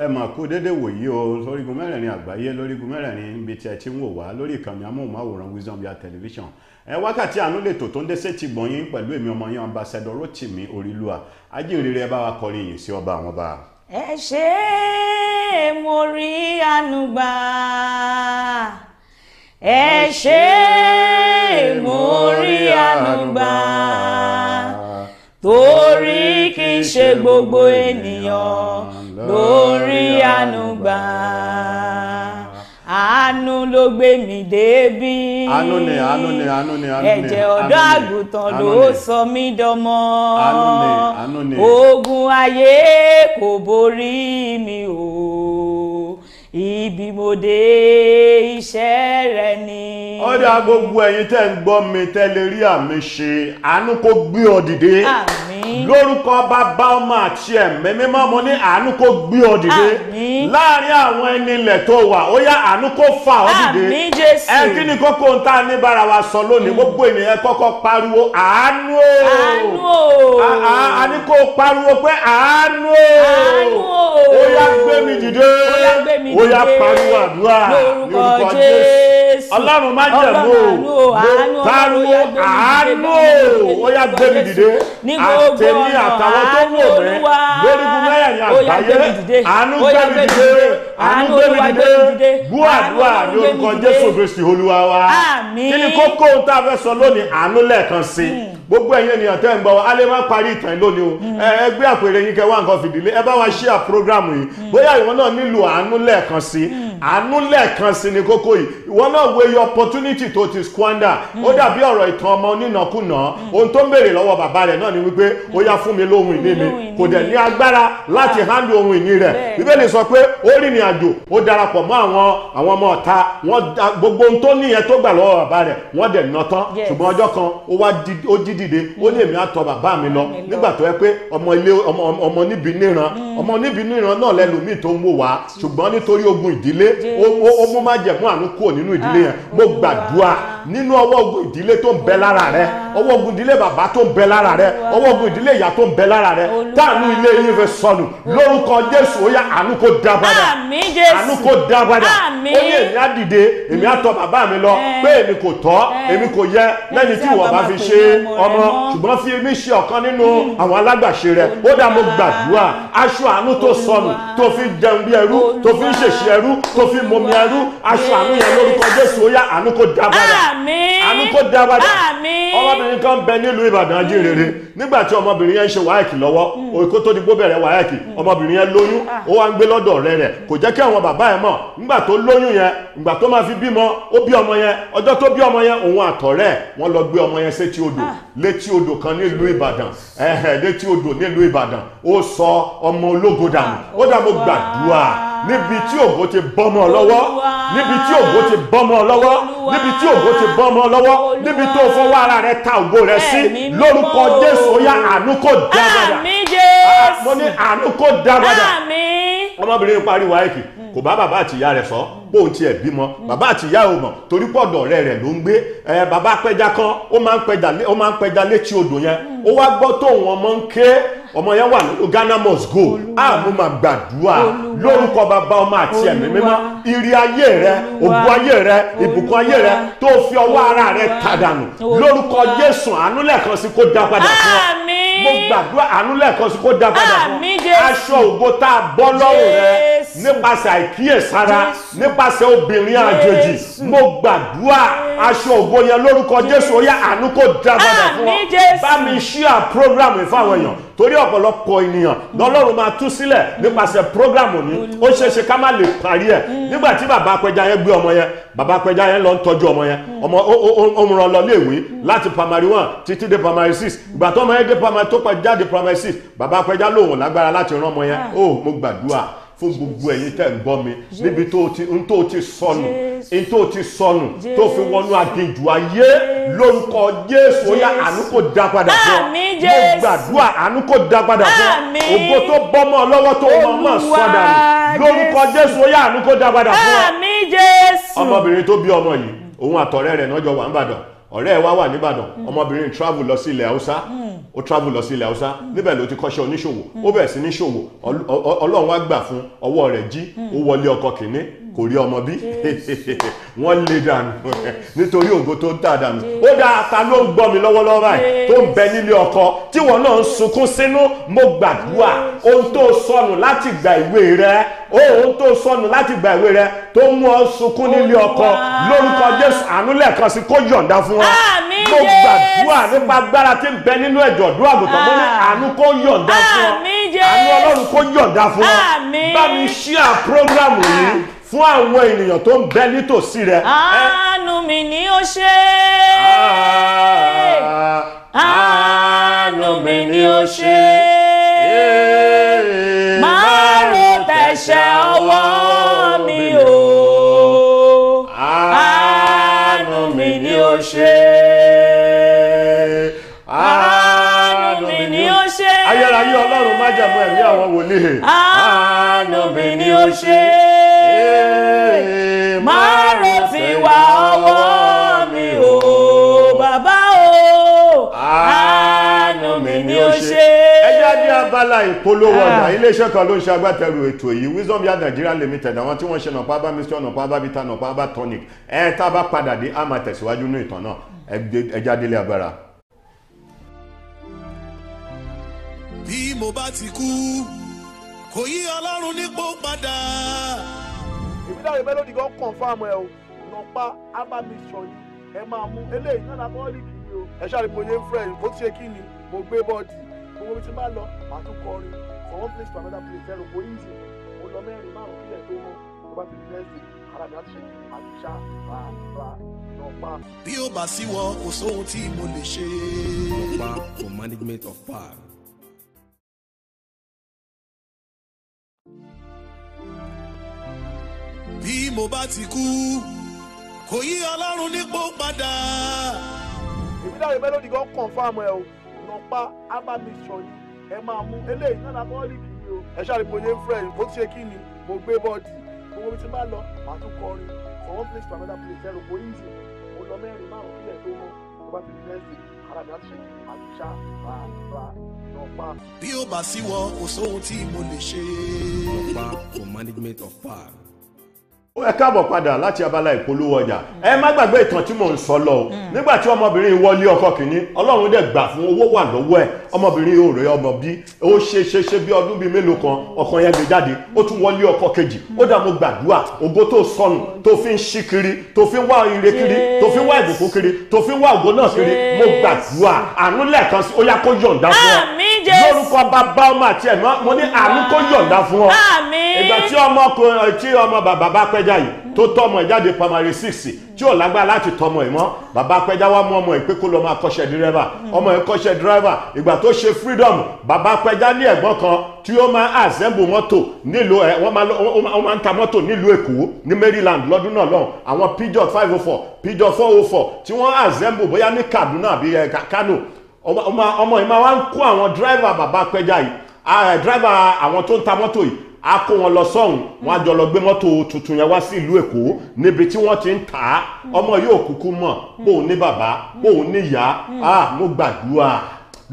ẹ mà kú dédé wòyí o lórígun mẹ́rẹ̀ẹ̀rin àgbáyé lórígun mẹ́rẹ̀ẹ̀rin níbi tí ẹ ti ń wò wá lórí ìkànnì amóhùnmáwòrán Wisdom television ẹ wákàtí àánú lètò tó ń dẹ́sẹ̀ ti gbọ̀n yín pẹ̀lú èmi ọmọ yín ambassador Rotimi Orílùwà ajínrere ẹ bá wa kọrin yìí sí ọba àwọn ọba. ẹ ṣe é mo rí ànúgbà ẹ ṣe é mo rí ànúgbà torí kì í ṣe gbogbo ènìyàn lórí àánú gbà àánú ló gbé mi débí àánú ni àánú ni àánú ni àánú ni ẹ̀jẹ̀ ọ̀dọ́ àgùntàn ló sọ mí dọmọ àánú ni àánú ni ogun ayé kò borí mi o ibi mo dé iṣẹ́ rẹ ni. ó dá gbogbo ẹ̀yin tẹ́ ń gbọ́ mi tẹ́ lè rí àmì ṣe àánú kó gbé ọ dìde. àmín. lórúkọ bàbá ọmọ àti ẹ̀mí mímọ́ mo ní àánú kó gbé ọ dìde. àmín. láàárín àwọn ẹni ilẹ̀ tó wà ó yá àánú kó fà ọ dìde. àmín ni kókó ń tá ní bára wa sọ lónìí mm. gbogbo ènìyàn kọ́kọ́ pariwo àánú o. àánú o. a kó pariwo pé àánú o. mi dìde. ó yá gbé mi dìde ó yá pariwo àdúrà lórúkọ Jésù jésù ọlọ́run má jẹ̀mú o tánú àánú ó yá gbé mi dìde àtẹ̀mí àtàwọn tó wò mí gbẹ́rùgùn mẹ́rin àgbáyé àánú gbé mi dìde àánú gbé mi dìde gbọ́ àdúrà ní orúkọ jésù kristi olúwa wa kí ni kókó tá a fẹ́ sọ lónìí àánú lẹ́ẹ̀kan sí i hmm. gbogbo ẹ̀yin ènìyàn tẹ́ ń gbọ́ wa a lè má parí ìtàn lónìí o hmm. ẹ gbé àpèrè yín kẹ́ wá nǹkan fìdílé ẹ bá wa ṣíà prógráàmù yìí hmm. bóyá ìwọ náà nílò àánú lẹ́ẹ̀kan sí àánú lẹ́ẹ̀kan sí ni kókó yìí ìwọ náà wo iye opportunity tó ti squander ó hmm. dàbí ọ̀rọ̀ ìtàn ọmọ onínàkúnà ohun tó ń béèrè lọ́wọ́ bàbá rẹ̀ náà ni wípé ó yá fún mi lóhun ìní mi kò dẹ̀ ní agbára láti ah. handle ohun ìní rẹ̀ bíbélì sọ pé ó rìn ìrìn àjò ó darapọ̀ mọ́ àwọn àwọn ọmọ ọ̀tá wọn gbogbo ohun tó níyẹn tó gbà lọ́wọ́ bàbá rẹ̀ wọ́n dẹ̀ ná tán ṣùgbọ́n ọjọ́ kan ó wá ó jí dìde ó lè mí àtọ bàbá mi lọ nígbà tó yẹ pé ọmọ ilé ọmọ níbi níran ọmọ níbi níran hmm. náà lẹ́lòmíì tó ń wò wá hmm. ṣùgbọ́n nítorí ogun ìdílé ó mú májẹ̀mú àánú kúrò nínú ìdílé yẹn mo gbàdúrà nínú ọwọ́ ogun ìdílé tó ń bẹ lára rẹ ọwọ́ ogun ìdílé bàbá tó ń bẹ lára rẹ ọwọ́ ogun ìdílé ìyá tó ń bẹ lára rẹ táànù ilé yín fẹ́ sọnù lórúkọ jésù ó yá àánú kó dá padà àánú kó dá padà ó ní èmi á èmi á bàbá mi lọ pé èmi kò tọ́ èmi kò yẹ lẹ́ni tí ìwọ bá fi ṣe ọmọ ṣùgbọ́n fi mí ṣe ọ̀kan nínú hmm. àwọn alágbàṣe rẹ ó dá mo gbàdúrà aṣọ àánú tó sọnù tó fi jẹun bí ẹrú tó fi ń ṣèṣe ẹrú tó fi mọmi ẹrú aṣọ àánú yẹn lórúkọ jésù ó àánú kó dá padà. anụkọ dị abacha ọmabirịnụkọ mbe n' ịlụ ịba aji erere na ịgbachi ọmabiri ihe nche waki lọwa okotodigbobere waaki ọmabiri ihe nloonyu ụwa mgbelọdo rere ko je baba nwaba baya mal to oluonyu ya ìgbà tó máa fi bímọ ó bí ọmọ yẹn ọjọ́ tó bí ọmọ yẹn òun àtọ̀rẹ́ wọ́n lọ gbé ọmọ yẹn sétí odò ah. létí odò kan nílùú ìbàdàn ẹ̀hẹ̀ létí odò nílùú ìbàdàn ó sọ ọmọ ológo dànù ah, ó dà mo gbàdúrà níbi tí ògo ti bọ́mọ lọ́wọ́ níbi tí ògo ti bọ́mọ lọ́wọ́ níbi tí ògo ti bọ́mọ lọ́wọ́ níbi tó fọwọ́ ara rẹ ta ògo rẹ sí lórúkọ jésù ó yá àánú kò dábàdà ah, mo ní àánú kò dábàdà ọmọbìnrin pariwo àìkì kò bá bàbá àtìyá rẹ̀ sọ bóun tiẹ̀ bímọ bàbá àtìyá ò mọ̀ torí pọ̀dọ̀ ọ̀rẹ́ rẹ̀ ló ń gbé bàbá pẹja kan ó máa ń pẹja létí odò yẹn ó wá gbọ́ tóun ọmọ ń ké ọmọ yẹn wà lóko Ghana must go àmú máa gbàdúrà lórúkọ bàbá ọmọ àti ẹ̀mí mímọ́ ìrì ayé rẹ ògùn ayé rẹ ìbùkún ayé rẹ tó fi ọwọ́ ara rẹ tàdánù lórúkọ Jésù àánú kó dá padà fún ọ gbàdúrà àánú lẹ́ẹ̀kan sí kó dá padà fún aṣọ ògo tá a bọ́ lọ́rùn rẹ nípasẹ̀ àìkíyèsára nípasẹ̀ obìnrin àjèjì mo gbàdúrà aṣọ ògo yẹn lórúkọ jésù ó yá àánú kó dá padà fún wa bá mi share program yìí fáwọn èèyàn torí ọ̀pọ̀lọpọ̀ ènìyàn lọ́lọ́run máa tú sílẹ̀ nípasẹ̀ program òní ó ṣeéṣe ká má lè parí ẹ̀ mm. nígbà tí bàbá apẹja yẹn gbé ọmọ yẹn bàbá apẹja yẹn lọ ń tọ́jú ọmọ yẹn mm. ọmọ ó ń ran lọ léèwé mm. láti primary one títí dé primary six ìgbà tó ọmọ yẹn dé primary tó pẹ́ jáde primary six bàbá apẹja lòun lágbára láti ran ọmọ yẹn ó ah. oh, mo gbàdúrà fún gbogbo ẹ̀yin tẹ́ ń gbọ́ mi níbi tó ti ń tó ti sọnù ń tó ti sọnù tó fi wọnú aginjù ayé lórúkọ Jésù ó yá àánú kò dá padà fún ọ mo gbàdúrà àánú kò dá padà fún ọ ògbó tó bọ́mọ lọ́wọ́ tó mọ̀ mọ̀ sọ́dà lórúkọ Jésù ó yá àánú kò dá padà fún ọ ọmọbìnrin tó bí ọmọ yìí òun àtọ̀rẹ́ rẹ̀ náà jọ wà ń bàdàn ọ̀rẹ́ ẹ̀ wá wà nìbàdàn mm. ọmọbìnrin travel lọ sí ilẹ̀ haúsá mm. O travel lọ sí ilẹ̀ haúsá níbẹ̀ ló ti kọ́ṣẹ́ oníṣòwò ó bẹ̀rẹ̀ sí ní ṣòwò ọlọ́run wá gbà fún ọwọ́ rẹ̀ jí ó wọlé ọkọ̀ kìíní kò rí ọmọ bí wọ́n lè dànù nítorí ògo tó dà dànù ó dáa ta ló ń gbọ́ mi lọ́wọ́lọ́wọ́ báyìí tó ń bẹ nílé ọkọ tí wọ́n náà ń sunkún sínú mo gbàdúrà ohun tó sọnù láti gba ìwé rẹ ohun tó sọnù láti gba ìwé rẹ tó mú ọ sunkún nílé oh, ọkọ lórúkọ Jésù àánú lẹ́ẹ̀kan sí kó yọ̀ǹda fún wa mo gbàdúrà nípa agbára tí ń bẹ nínú ẹ̀jọ̀ àdúrà àgùntàn mo ní ah. àánú kó yọ̀ǹda fún ọ àánú Ọlọ́run kó yọ̀ǹda fún ọ bá mi ṣí à ah fún àwọn ènìyàn tó ń bẹ nítòsí rẹ. àánú mi ni ó ṣe. Ah, àánú mi ni ó ṣe. máa ro tẹ̀sẹ̀ ọwọ́ mi o. àánú mi ni ó ṣe. àánú mi ni ó ṣe. ọlọ́run májàmú ẹ̀mí àwọn wòlíì. àánú mi ni ó ṣe. abala ìpolówó ọjà ah. iléeṣẹ́ kan ló ń ṣe agbátẹrù ètò yìí Wisdom Yard Nigeria Limited àwọn tí wọ́n ṣe nàpá bá mixture nàpá bá bitter nàpá bá tonic ẹ tá a bá padà dé a máa tẹ̀síwájú ní ìtàn náà ẹ jáde lé agbára. bí mo bá ti kú kò yí ọlọ́run nípò padà. ìbílẹ̀ mélòdì gan kàn fáàmù ẹ o nàpá abá mixture yìí ẹ máa mú eléyìí náà lábọ́ rí kiri o ẹ ṣàlùkò yẹn fúrẹ́ yìí ó ti ṣe kí ni mo gbé bọ́ọ̀dì gbogbo ibi tí n bá lọ màá tún kọrin from one place to another place ẹ̀rọ kò yí sí mo lọ mẹ́rin márùn kílẹ̀ tó mọ́ tó bá ti di next day ara mi á ti ṣe àlùṣà bá bá lọ pa. bí ó bá sí wọ kò sóhun tí mo lè ṣe. ọ̀pá for management of power. bí mo bá ti kú kò yí ọlọ́run nípò padà. ìbílẹ̀ rẹ̀ mélòó ni gan confam ẹ o lọ pa á sọ yìí ẹ máa mú eléyìí náà lábọ́ rí kiri o ẹ ṣáà rí mo yé fúrẹ́ yìí ó ti ṣe kí ni mo gbé bọ́ọ̀dì owó tí bá lọ màá tún kọrin from one place to another place ẹ̀rù kò yíṣe mo lọ mẹ́rin márùn-ún kílẹ̀ tó mọ́ mo bá fi fẹ́ẹ́sì ara mi á ṣe àlùṣà rárá lọ pa. bí ó bá sí wọ kò sóhun tí mo lè ṣe. ọ̀pá for management of power ó ẹ káàbọ̀ padà láti abala ìpolówó ọjà ẹ má gbàgbé ìtàn tí mò ń sọ lọ o hmm. nígbà tí ọmọbìnrin wọlé ọkọ kìíní ọlọ́run dẹ̀ gbà fún owó wà lọ́wọ́ ẹ ọmọbìnrin yóò rẹ ọmọ bí ó ṣe ṣe ṣe bí ọdún bíi mélòó kan ọkàn yẹn gbé jáde ó tún wọlé ọkọ kejì ó dà mo gbàdúrà ògo tó sọnù tó fi ń ṣí kiri tó fi ń wá ire kiri tó fi ń wá ìbùkún kiri tó fi ń wá ògo náà kiri mo gbàdúrà àánú lẹ́ẹ̀kan sí ó yá kó yọ̀ǹda fún ọ Jesus. lórúkọ bàbá ọmọ àti ẹ̀mọ́ mo ní àánú kó yọ̀ǹda fún ọ. ìgbà tí ọmọ tí ọmọ bàbá bá pẹ́já yìí tó tọmọ ẹ̀ jáde primary six tí ò lágbára láti tọmọ ẹ̀ mọ́ bàbá pẹ́já wá mú ọmọ ẹ̀ pé kó lọ ọmọ ẹ̀ kọ́ṣẹ́ ìgbà tó ṣe freedom bàbá pẹ́já ní ẹ̀gbọ́n kan tí ó máa assemble mọ́tò nílùú ẹ̀ wọ́n máa ń ta mọ́tò nílùú Èkó ní Maryland lọ́dún náà lọ́hùn àwọn Peugeot five oh four Peugeot four oh four tí wọ́n assemble bóyá ní Kaduna àbí Kano ọmọ ìmọ̀ wa ń kó àwọn dírẹ́fà bàbá pẹ́já yìí eh, dírẹ́fà àwọn tó ń ta mọ́tò yìí a kó wọn lọ sọ́hùn wọn àjọ lọ gbé mọ́tò tuntun yẹn wá sí ìlú èkó níbi tí wọ́n ti ń tà á ọmọ yóò kúkú mọ̀ pòun ní bàbá pòun ní ìyá hmm. ah mo gbàdúrà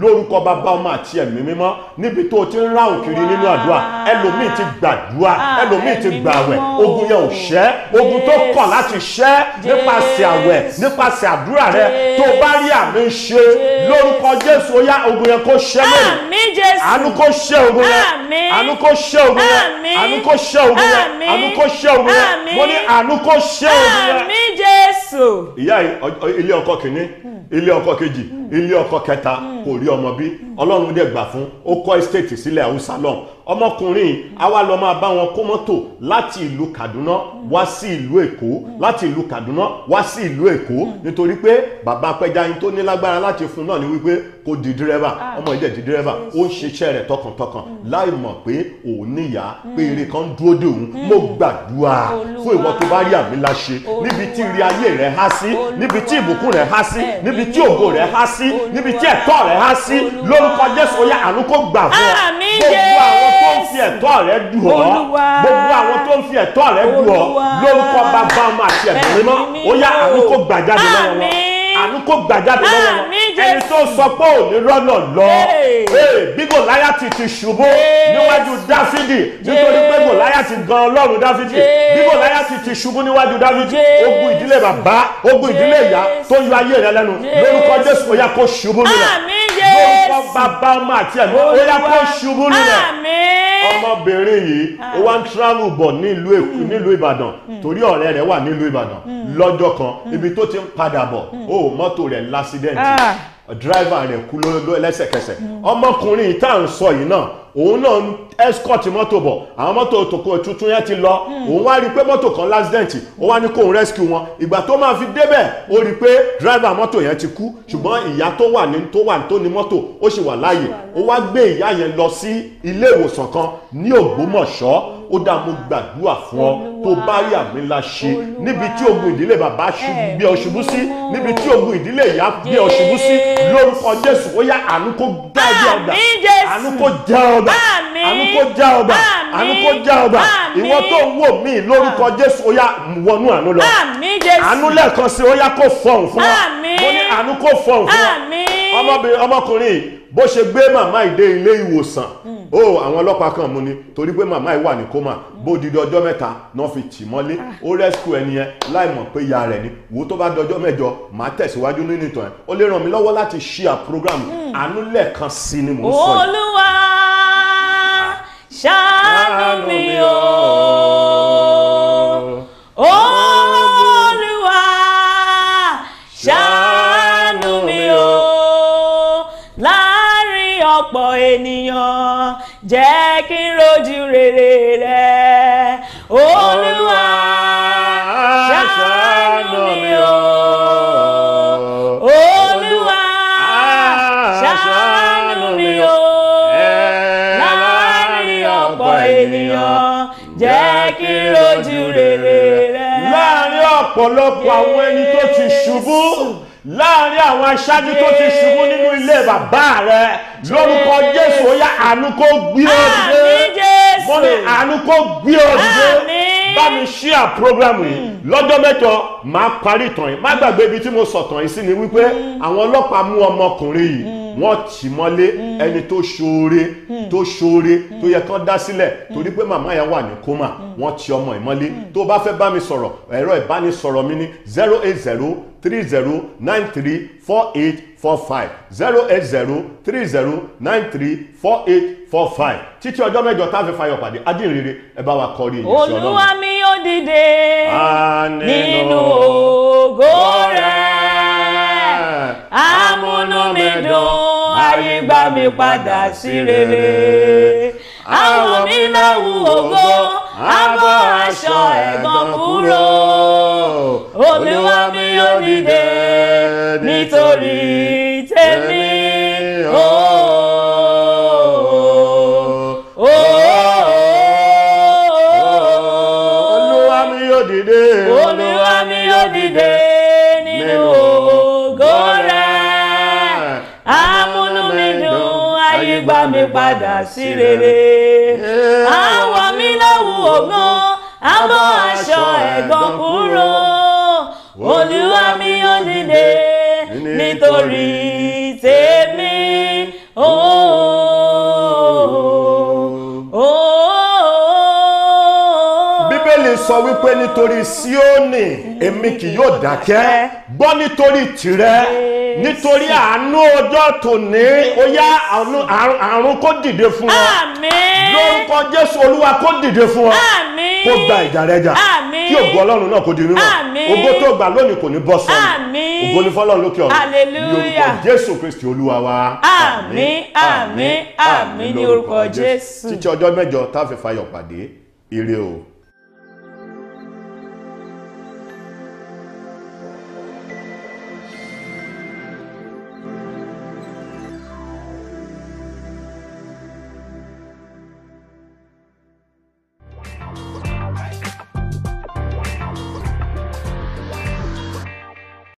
lórúkọ bàbá ọmọ àti ẹ̀mí mímọ́ níbi tó o ti ń ráhùn kiri nínú àdúrà ẹlòmíì ti gbàdúrà ah, ẹlòmíì ti gbàwẹ̀ ogun yẹn ò ṣẹ́ ogun tó kọ̀ láti ṣẹ́ nípasẹ̀ àwẹ̀ nípasẹ̀ àdúrà rẹ tó bá rí àmì ṣe lórúkọ jésù ó yá ogun yẹn kó ṣẹ́ lónìí àánú kó ṣẹ́ ogun yẹn àánú kó ṣẹ́ ogun yẹn àánú kó ṣẹ́ ogun yẹn àánú kó ṣẹ́ ogun yẹn mo ní àánú kó ṣẹ́ ogun yẹn ìyá ilé ọkọ kìíní hmm. ilé ọkọ kejì hmm. ilé ọkọ kẹta hmm. kò rí bí ọmọ bí ọlọ́run dẹ̀ gbà fún ó kọ́ estate sílẹ̀ haúsá lọ́hùn ọmọkùnrin àwa lọ máa bá wọn kó mọ́tò láti ìlú Kaduna wá sí ìlú Èkó láti ìlú Kaduna wá sí ìlú Èkó nítorí pé bàbá apẹja yín tó ní lágbára láti fún náà ni wípé kó di dírẹ́fà ah. ọmọ ìdẹ̀ di dírẹ́fà ó ń ṣiṣẹ́ rẹ̀ tọkàntọkàn láì mọ̀ pé òun níyà pé hmm. eré kan dúró dè òun mo hmm. gbàdúrà fún ìwọ tó bá rí àmì láṣẹ níbi tí ire ayé rẹ̀ há sí níbi tí ìbùkún rẹ̀ há sí níbi tí ògo rẹ̀ há sí níbi tí ẹ̀tọ́ rẹ̀ há sí lórúkọ Jésù yá àánú gbà fún ọ gbogbo àwọn fi ẹ̀tọ́ rẹ dù ọ́ gbogbo àwọn tó ń fi ẹ̀tọ́ rẹ dù ọ́ lórúkọ bàbá ọmọ àti ẹ̀mí mímọ́ ó yá àánú kó gbàjáde lọ́wọ́ wọn àánú kó gbàjáde lọ́wọ́ wọn ẹni tó sọ pé ò ní rọ́nà lọ bí Gòláyátì ti ṣubú níwájú Dáfídì nítorí pé Gòláyátì gan Ọlọ́run Dáfídì bí Gòláyátì ti ṣubú níwájú Dáfídì ogun ìdílé bàbá ogun ìdílé ìyá tó yọ ayé rẹ lẹ́nu lórúkọ Jésù ó yá kó ṣubú nílẹ̀ lórúkọ bàbá ọmọ àti ẹ̀mí ó yá kó ṣubú nílẹ̀ ọmọbìnrin yìí ó wá ń travel bọ̀ nílùú hmm. ìbàdàn hmm. torí ọ̀rẹ́ rẹ̀ wà nílùú ìbàdàn hmm. lọ́jọ́ kan ibi tó ti ń padà bọ̀ ó mọ́tò rẹ̀ lásídẹ̀ntì ah. dráìvà rẹ̀ kú lẹ́sẹ̀kẹsẹ̀ ọmọkùnrin tá à ń sọ yìí náà òun náà ń escort mọ́tò bọ̀ àwọn mọ́tò tòkó tuntun yẹn ti lọ hmm. òun wá rí i pé mọ́tò kan accident ó wá ní kóun rescue wọn ìgbà tó máa fi débẹ̀ ó rí i pé driver mọ́tò yẹn ti kú ṣùgbọ́n ìyá tó wà ní tó wà tó ní mọ́tò ó sì wà láàyè ó wá gbé ìyá yẹn lọ sí ilé ìwòsàn kan ní Ògbómọ̀ṣọ́ ó dá mo gbàdúrà fún ọ tó bá rí àmì ńlá ṣe níbi tí ogun ìdílé bàbá gbé ọ sí níbi tí ogun ìdílé ìyá gbé ọ sí lórúkọ Jésù ó yá àánú kó dájú ọgbà àánú kó jẹ ọ ọba àánú kó já ọba àánú kó já ọba ìwọ tó ń wò mí lórúkọ jésù ó yá wọnú àánú lọ àánú lẹ́ẹ̀kan sí ó yá kó fọhùn fún wa mo ní àánú kó fọhùn fún wa ọmọkùnrin bó ṣe gbé màmá ìdé ilé ìwòsàn hmm. ó àwọn ọlọ́pàá kan mú ni torí pé màmá ìwà ní kómà bó didi ọjọ́ mẹ́ta náà fi tì mọ́lé ah. ó rẹ́síkù ẹni yẹn láì mọ̀ pé ìyá rẹ̀ ni wò ó tó bá dọjọ́ mẹ́jọ màá tẹ̀síwájú nínú ìtàn ẹ̀ ó lè ràn mí lọ́wọ́ láti ṣí à program hmm. àánú lẹ́ẹ̀kan sí ni mò ń sọ yìí. olúwa ṣàánú mi o. Olúwa ṣàánú mi o. Láàárín ọ̀pọ̀ ènìyàn jẹ́ kí n rojú rere rẹ. rere rẹ. láàárín ọ̀pọ̀lọpọ̀ àwọn ẹni tó ti ṣubú láàárín àwọn aṣáájú tó ti ṣubú nínú ilé bàbá rẹ lórúkọ jésù ó yá àánú kó gbé ọ dìde mo ní àánú kó gbé ọ dìde bá mi ṣíà program yìí hmm. lọ́jọ́ mẹ́jọ máa parí ìtàn yìí má gbàgbé ibi tí mo sọ̀tàn yìí sí ni wípé hmm. àwọn ọlọ́pàá mú ọmọkùnrin yìí hmm wọ́n tì mọ́lé hmm. ẹni tó ṣoore hmm. tó ṣoore hmm. tó yẹ kán dá sílẹ̀ torí pé màmá yẹn wà ní kómà wọ́n ti ọmọ ìmọ́lé tó bá fẹ́ bá mi sọ̀rọ̀ ẹ̀rọ ìbánisọ̀rọ̀ mi ní zero eight zero three zero nine three four eight four five zero eight zero three zero nine three four eight four five títí ọjọ́ mẹ́jọ tá a fi fayọ̀ pàdé ajínrere ẹ bá wa kọ́ rí èyí sí ọlọ́run. olúwa mi yóò dìde nínú ògo rẹ̀ amúnúmídùn ayé gbà mí padà sí rere àwọn mi láwù ògo abọ́ aṣọ ẹ̀gàn kúrò Olúwa mi yóò dìde nítorí tèmi. padà sí rere. àwọn mi lówù ògbọ́n àbọ̀ aṣọ ẹ̀gbọ́n kúrò olúwa mi ò dìde nítorí tèmi. Oh, oh. bíbélì sọ wípé nítorí sioni, èmi kì yóò dákẹ́ gbọ́ nítorí tìrẹ nítorí àánú ọjọ́ tòní ó yá àrùn kó dìde fún ọ lórúkọ jésù olúwa kó dìde fún ọ kó gba ìjà rẹ jà kí ògo ọlọ́run náà kó di rírọ̀ ògo tó gbà lónìí kò ní bọ́ sọ́nù ògo ní fọlọ́run lókè ọ̀run ní orúkọ jésù kristi olúwa wa àmín àmín àmín ní orúkọ jésù títí ọjọ́ mẹ́jọ tá fayọ̀ pàdé ire o.